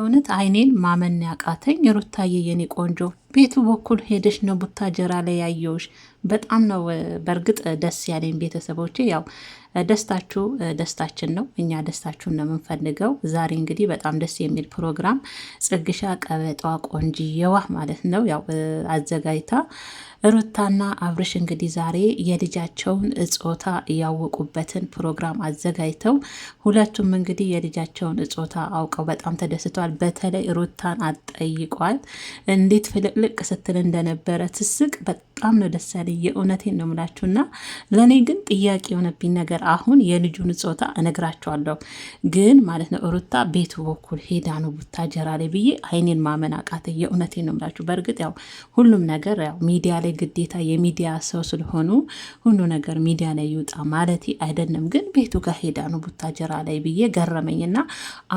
እውነት አይኔን ማመን ያቃተኝ ሩታዬ የኔ ቆንጆ ቤቱ በኩል ሄደሽ ነው ቡታጀራ ላይ ያየውሽ። በጣም ነው በእርግጥ ደስ ያለኝ ቤተሰቦች ያው ደስታችሁ ደስታችን ነው፣ እኛ ደስታችሁን ነው የምንፈልገው። ዛሬ እንግዲህ በጣም ደስ የሚል ፕሮግራም ጽግሻ ቀበጧ ቆንጅየዋ ማለት ነው ያው አዘጋጅታ ሩታና አብርሽ እንግዲህ ዛሬ የልጃቸውን እጾታ ያወቁበትን ፕሮግራም አዘጋጅተው ሁለቱም እንግዲህ የልጃቸውን እጾታ አውቀው በጣም ተደስተዋል። በተለይ ሩታን አጠይቋል እንዴት ልቅ ስትል እንደነበረ ትስቅ በጣም በጣም ነው ደስ ያለኝ። የእውነቴን ነው የምላችሁና ለእኔ ግን ጥያቄ የሆነብኝ ነገር አሁን የልጁን ጾታ እነግራችኋለሁ፣ ግን ማለት ነው ሩታ ቤቱ በኩል ሄዳ ነው ቡታ ጀራ ላይ ብዬ አይኔን ማመን አቃተ። የእውነቴን ነው የምላችሁ። በእርግጥ ያው ሁሉም ነገር ያው ሚዲያ ላይ ግዴታ የሚዲያ ሰው ስለሆኑ ሁሉ ነገር ሚዲያ ላይ ይውጣ ማለት አይደለም፣ ግን ቤቱ ጋር ሄዳ ነው ቡታ ጀራ ላይ ብዬ ገረመኝ። ገረመኝና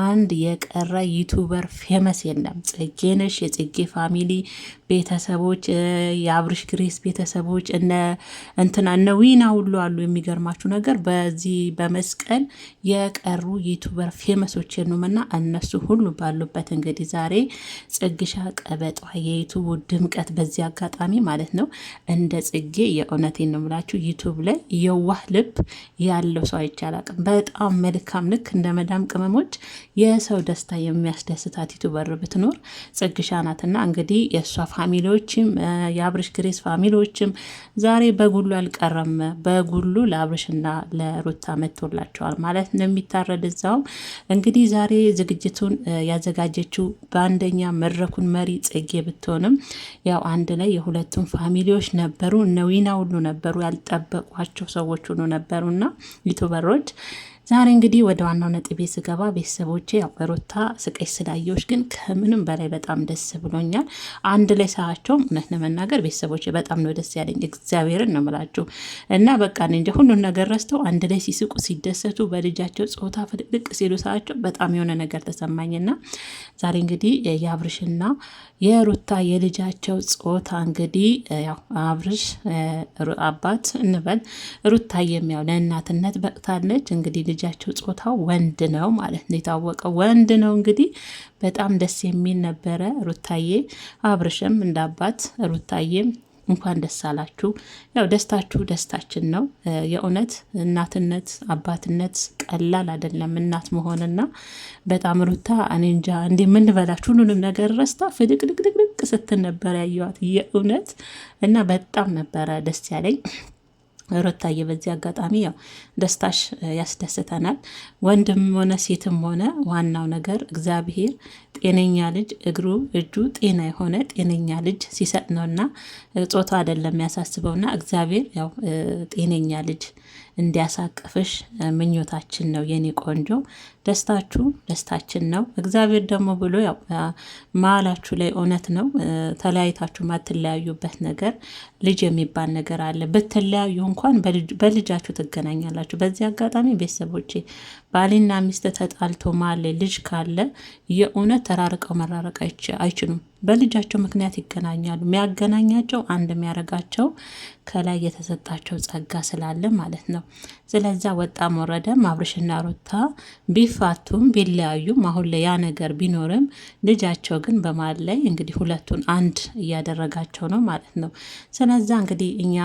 አንድ የቀረ ዩቱበር ፌመስ የለም ጽጌ ነሽ የጽጌ ፋሚሊ ቤተሰቦች የአብርሽ ግሬስ ቤተሰቦች እነ እንትና እነ ዊና ሁሉ አሉ። የሚገርማችሁ ነገር በዚህ በመስቀል የቀሩ ዩቱበር ፌመሶች የኑምና እነሱ ሁሉ ባሉበት እንግዲህ ዛሬ ጽግሻ ቀበጧ የዩቱቡ ድምቀት በዚህ አጋጣሚ ማለት ነው እንደ ጽጌ የእውነት እንምላችሁ ዩቱብ ላይ የዋህ ልብ ያለው ሰው አይቻላቅም። በጣም መልካም ልክ እንደ መዳም ቅመሞች የሰው ደስታ የሚያስደስታት ዩቱበር ብትኖር ጽግሻ ናትና እንግዲህ የእሷ ፋሚሊዎችም የአብርሽ ግሬስ ፋሚሊዎችም ዛሬ በጉሉ አልቀረም። በጉሉ ለአብርሽና ለሩታ መጥቶላቸዋል ማለት ነው። የሚታረድ እዛውም እንግዲህ ዛሬ ዝግጅቱን ያዘጋጀችው በአንደኛ መድረኩን መሪ ጽጌ ብትሆንም ያው አንድ ላይ የሁለቱም ፋሚሊዎች ነበሩ። እነ ዊና ሁሉ ነበሩ። ያልጠበቋቸው ሰዎች ሁሉ ነበሩ ነበሩና ዩቱበሮች ዛሬ እንግዲህ ወደ ዋናው ነጥቤ ስገባ ቤተሰቦቼ ሩታ ስቀሽ ስላየሁሽ ግን ከምንም በላይ በጣም ደስ ብሎኛል። አንድ ላይ ሰቸውም እውነት ለመናገር ቤተሰቦቼ በጣም ነው ደስ ያለኝ። እግዚአብሔርን ነው ምላችሁ እና በቃ እንጃ ሁሉን ነገር ረስተው አንድ ላይ ሲስቁ ሲደሰቱ፣ በልጃቸው ጾታ ፍልቅልቅ ሲሉ ሰቸው በጣም የሆነ ነገር ተሰማኝና ዛሬ እንግዲህ የአብርሽና የሩታ የልጃቸው ጾታ እንግዲህ ያው አብርሽ አባት እንበል ሩታ የሚያው ለእናትነት በቅታለች እንግዲህ የልጃቸው ጾታ ወንድ ነው ማለት ነው። የታወቀ ወንድ ነው እንግዲህ በጣም ደስ የሚል ነበረ። ሩታዬ አብርሽም እንደ አባት ሩታዬም እንኳን ደስ አላችሁ። ያው ደስታችሁ ደስታችን ነው። የእውነት እናትነት አባትነት ቀላል አይደለም። እናት መሆንና በጣም ሩታ እኔ እንጃ እንዲ የምንበላችሁ ሁሉንም ነገር ረስታ ፍድቅድቅድቅድቅ ስትል ነበር ያየዋት የእውነት እና በጣም ነበረ ደስ ያለኝ። ሩታዬ በዚህ አጋጣሚ ያው ደስታሽ ያስደስተናል። ወንድም ሆነ ሴትም ሆነ ዋናው ነገር እግዚአብሔር ጤነኛ ልጅ እግሩ እጁ ጤና የሆነ ጤነኛ ልጅ ሲሰጥ ነውና ጾታ አይደለም ና እግዚአብሔር ያው ጤነኛ ልጅ እንዲያሳቅፍሽ ምኞታችን ነው የኔ ቆንጆ። ደስታችሁ ደስታችን ነው። እግዚአብሔር ደግሞ ብሎ መሀላችሁ ላይ እውነት ነው ተለያይታችሁ ማትለያዩበት ነገር ልጅ የሚባል ነገር አለ። ብትለያዩ እንኳን በልጃችሁ ትገናኛላችሁ። በዚህ አጋጣሚ ቤተሰቦቼ ባልና ሚስት ተጣልቶ ማለ ልጅ ካለ የእውነት ተራርቀው መራረቅ አይችሉም። በልጃቸው ምክንያት ይገናኛሉ። የሚያገናኛቸው አንድ የሚያደርጋቸው ከላይ የተሰጣቸው ጸጋ ስላለ ማለት ነው። ስለዚያ ወጣም ወረደም አብርሽና ሩታ ቢፍ ቢፋቱም ቢለያዩም አሁን ላይ ያ ነገር ቢኖርም ልጃቸው ግን በማል ላይ እንግዲህ ሁለቱን አንድ እያደረጋቸው ነው ማለት ነው። ስለዛ እንግዲህ እኛ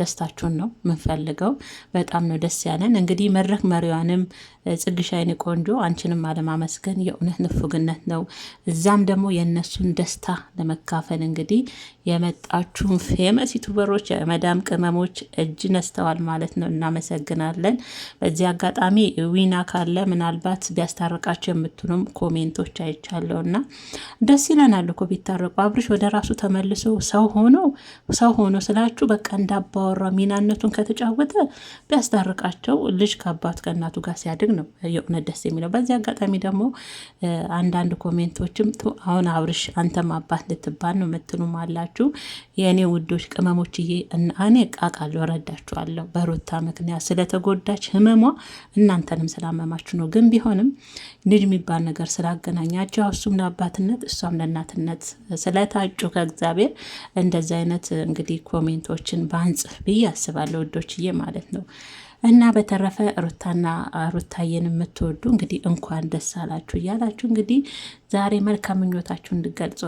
ደስታችሁን ነው የምንፈልገው። በጣም ነው ደስ ያለን። እንግዲህ መድረክ መሪዋንም ጽግሻይን ቆንጆ አንቺንም አለማመስገን የእውነት ንፉግነት ነው። እዛም ደግሞ የእነሱን ደስታ ለመካፈል እንግዲህ የመጣችሁን ፌመስ ዩቱበሮች የመዳም ቅመሞች እጅ ነስተዋል ማለት ነው። እናመሰግናለን። በዚህ አጋጣሚ ዊና ካለ ምናልባት ምናልባት ቢያስታርቃቸው የምትሉም ኮሜንቶች አይቻለው እና ደስ ይለናል እኮ ቢታረቁ። አብርሽ ወደ ራሱ ተመልሶ ሰው ሆኖ ሰው ሆኖ ስላችሁ በቃ እንዳባወራ ሚናነቱን ከተጫወተ ቢያስታርቃቸው ልጅ ከአባት ከእናቱ ጋር ሲያድግ ነው የእውነት ደስ የሚለው። በዚህ አጋጣሚ ደግሞ አንዳንድ ኮሜንቶችም አሁን አብርሽ አንተም አባት ልትባል ነው የምትሉም አላችሁ። የእኔ ውዶች ቅመሞችዬ እኔ እቃቃለሁ፣ እረዳችኋለሁ በሩታ ምክንያት ስለተጎዳች ህመሟ እናንተንም ስላመማችሁ ነው ግን ቢሆንም ልጅ የሚባል ነገር ስላገናኛቸው እሱም ለአባትነት እሷም ለእናትነት ስለታጩ ከእግዚአብሔር እንደዚህ አይነት እንግዲህ ኮሜንቶችን በአንጽፍ ብዬ አስባለሁ ውዶችዬ ማለት ነው። እና በተረፈ ሩታና ሩታዬን የምትወዱ እንግዲህ እንኳን ደስ አላችሁ እያላችሁ እንግዲህ ዛሬ መልካም ምኞታችሁ እንድገልጹ